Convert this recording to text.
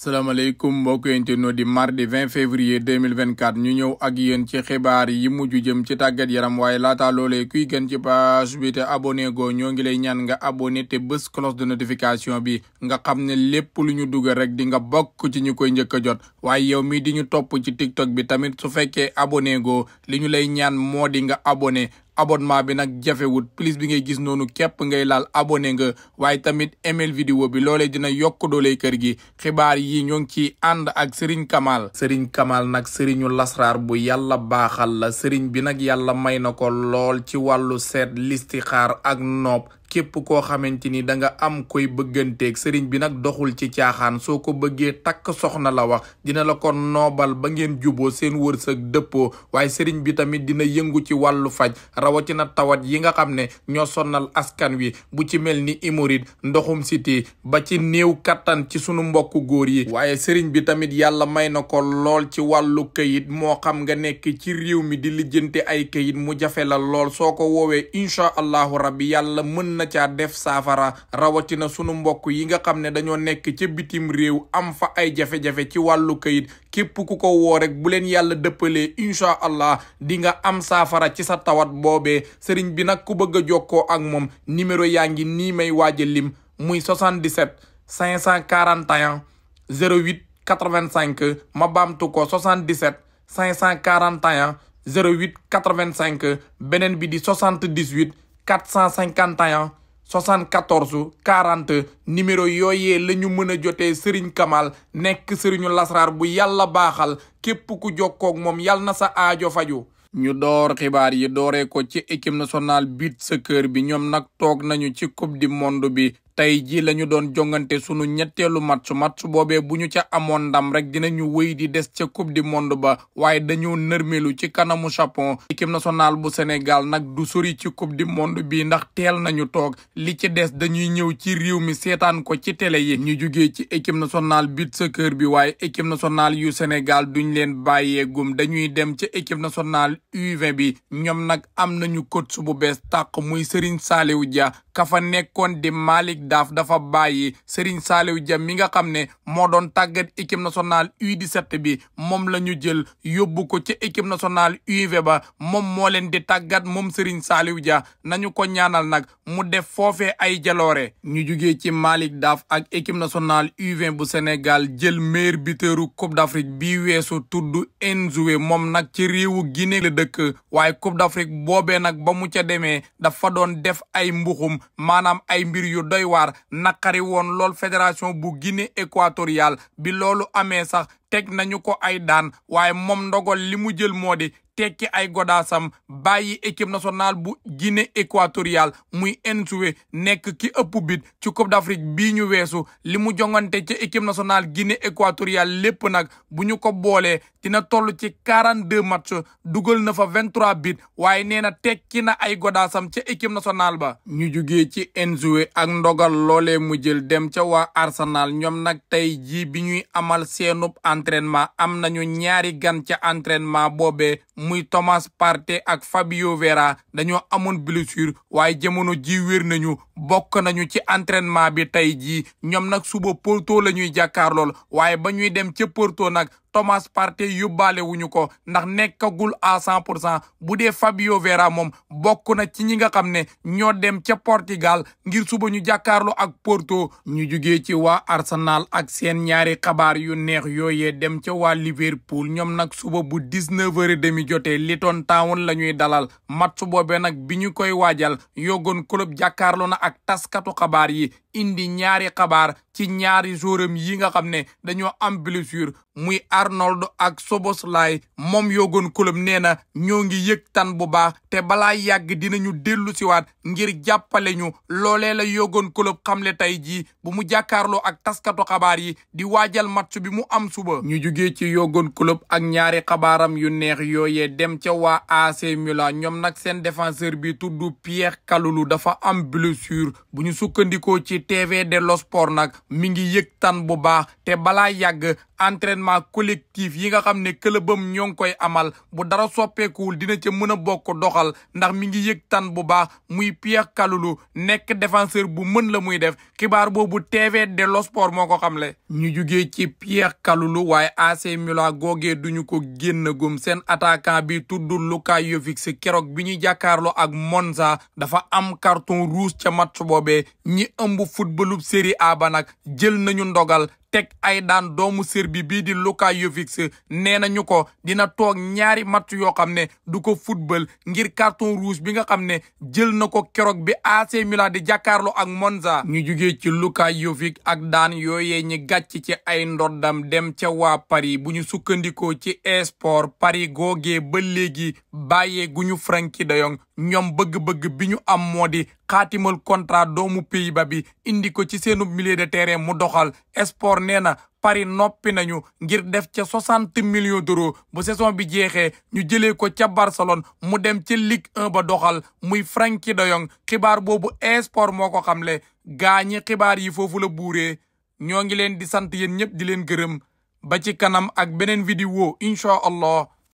salaamaaleykum mbokk internet di mardi 20 février 2024 ñu ñëw ak yéen ci xibaar yi mujj jëm ci tàggat yaram waaye laata loolee kuy gën ci page bi te abonné go ñoo ngi lay ñaan nga abonné te bés cloche de notification bi nga xam ne lépp lu ñu dugal rek di nga bokk ci ñu koy njëkk a jot waaye yow mi di ñu topp ci tiktok bi tamit su fekkee abonné go li ñu lay ñaan moo di nga abonné abonnement bi nag jafewut plus bi ngay gis noonu képp ngay laal abonné nga waaye tamit email vidéo bi loole dina yokk doole kër gi xibaar yi ñoo ngi ciy ànd ak Serigne Kamal. Serigne Kamal nag Serigne lasraar bu yàlla baaxal la Serigne bi nag yàlla may na ko lool ci wàllu seet listixaar ak nopp képp koo xamante ni da nga am koy bëgganteek sëriñ bi nag doxul ci caaxaan soo ko bëggee takk soxna la wax dina la ko noobal ba ngeen juboo seen wërsëg dëppoo waaye sëriñ bi tamit dina yëngu ci wàllu faj rawatina tawat yi nga xam ne ñoo sonnal askan wi bu ci mel ni imorid ndoxum siti ba ci niw kattan ci sunu mbokku góor yi waaye sëriñ bi tamit yàlla may na ko lool ci wàllu kayit moo xam nga nekk ci réew mi di lijjanti ay kayit mu jafe la lool soo ko woowee incha na caa def saafara rawatina sunu mbokk yi nga xam ne dañoo nekk ca bitim réew am fa ay jafe-jafe ci wàllu kayit képp ku ko woo rek bu leen yàlla dëppalee incha allah di nga am saafara ci sa tawat boobee sëriñ bi nag ku bëgg a jokkoo ak moom numéro yaa ngi nii may waaj a lim muy 77 541 08 85 ma baamtu ko 77 541 08 85 beneen bi di 78 451 74 40 numéro yooyee la ñu mën a jotee Serigne Kamal nekk Serigne Lasrar bu yàlla baaxal képp ku jokkoo moom yàlla na sa aajo faju ñu door xibaar yi dooree ko ci équipe nationale beach soccer bi ñoom nag toog nañu ci coupe du bi tey ji la ñu doon jongante sunu ñetteelu match match boobee bu ñu ca amoon ndam rek dinañu wéy di des ca coupe du monde ba waaye dañoo nërmelu ci kanamu japon équipe nationale bu sénégal nag du sori ci coupe di monde bi ndax teel na ñu toog li ci des dañuy ñëw ci réew mi seetaan ko ci télé yi ñu jugee ci équipe nationale beach soccer bi waaye équipe nationale yu sénégal duñ leen bàyyeegum dañuy dem ci équipe nationale U20 bi ñoom nag am nañu coach bu bees tàq muy Serigne Saliou Dia daaf dafa bàyyi Serigne Saliou Dia mi nga xam ne moo doon tàggat équipe nationale U17 bi moom la ñu jël yóbbu ko ci équipe national u ba moom moo leen di tàggat moom Serigne Saliou Dia nañu ko ñaanal nag mu def foofe ay jaloore ñu juge ci Malick Daaf ak équipe national u bu Sénégal jël meilleur buteuru Coupe d'Afrique bi weesu tudd Nzoué moom nag ci réewu Guinée la dëkk waaye Coupe d'Afrique boobee nag ba mu ca demee dafa doon def ay mbuxum maanaam ay mbir doy waar waar naqari woon lool fédération bu Guinée équatoriale bi loolu amee sax teg nañu ko ay daan waaye moom ndogal li mu jël moo di tekki ay godaasam bàyyi équipe nationale bu Guinée équatoriale muy Nsoué nekk ki ëpp bit ci Coupe d'Afrique bii ñu weesu li mu jongante ci équipe nationale Guinée équatoriale lépp nag bu ñu ko boolee dina toll ci quarante deux match dugal na fa vingt trois bit waaye nee na tekki na ay godaasam ca équipe nationale ba. ñu jugee ci Nzoué ak ndogal loolee mu jël dem ca waa Arsenal ñoom nag tey jii bi ñuy amal seenub entrainement am nañu ñaari gan ca entraînement boobee muy Thomas Partey ak Fabio Vera dañoo amoon blessure waaye jamono ji wér nañu bokk nañu ci entrainement bi tey jii ñoom nag suba Porto la ñuy jàkkaarlool waaye ba ñuy dem ca Porto nag Thomas Partey yóbbaale ñu ko ndax nekkagul à cent pour cent bu dee Fabio Vera moom bokk na ci ñi nga xam ne ñoo dem ca Portugal ngir suba ñu jàkkaarloo ak Porto ñu jugee ci waa Arsenal ak seen ñaari xabaar yu neex yooyee dem ca waa Liverpool ñoom nag suba bu dix-neuf heures et demi jote Luton Town la ñuy dalal match boobee nag bi ñu koy waajal yogoon club jàkkaarloo na ak taskatu xabaar yi indi ñaari xabaar ci ñaari jouram yi nga xam ne dañoo am blessure muy Arnold ak sobos lay moom yoogoon club nee na ñoo ngi yëg tan bu baax te balaa yàgg dinañu dellu siwaat ngir jàppale ñu loolee la yoogoon club xamle tey jii bu mu jàkkaarloo ak taskatu xabaar yi di waajal match bi mu am suba. ñu jugee ci yoogoon club ak ñaari xabaaram yu neex yooyee dem ca waa AC Milan ñoom nag seen défenseur bi tudd Pierre Kalulu dafa am blessure bu ñu sukkandikoo ci TV dello Sport nag mi ngi yëg tan bu baax te balaa yàgg entraînement collectif yi nga xam ne këlëbam ñoo ngi koy amal bu dara soppeekuwul dina ca mën a bokk doxal ndax mi ngi yëg tan bu baax muy Pierre Kalulu nekk defenseur bu mën la muy def xibaar boobu TV Dello Sport moo ko xamle. ñu jugee ci Pierre Kalulu waaye AC Milan googee duñu ko génn gum seen attaquant bi tudd Luka Jovic keroog bi ñuy jàkkaarloo ak monsa dafa am carton rouge ca match boobee ñi ëmb footballu Serie A ba nag jël nañu ndogal teg ay daan doomu Serbi bii di Luka Jovic nee na ko dina toog ñaari match yoo xam ne du ko football ngir carton ruus bi nga xam ne jël na ko keroog bi AC Milan di jàkkaarloo ak monsa ñu jugee ci Luka Jovic ak daan yoo yooyee ñi gàcc ci ay ndoddam dem ca waa Paris bu ñu sukkandikoo ci esport Paris googee ba léegi bàyyee guñu Frenkie de ñoom bëgg-bëgg bi ñu am moo xaatimal contrat doomu pays ba bi indi ko ci seenu milieu de terrain mu doxal sport nee na Paris noppi nañu ngir def ca soixante million d'euros bu saison bi jeexee ñu jëlee ko ca Barcelone mu dem ci Ligue 1 ba doxal muy Frenkie de xibaar boobu esport moo ko xamle gaañi xibaar yi foofu la buuree ñoo ngi leen di sant yéen ñëpp di leen gërëm ba ci kanam ak beneen vidéo incha allah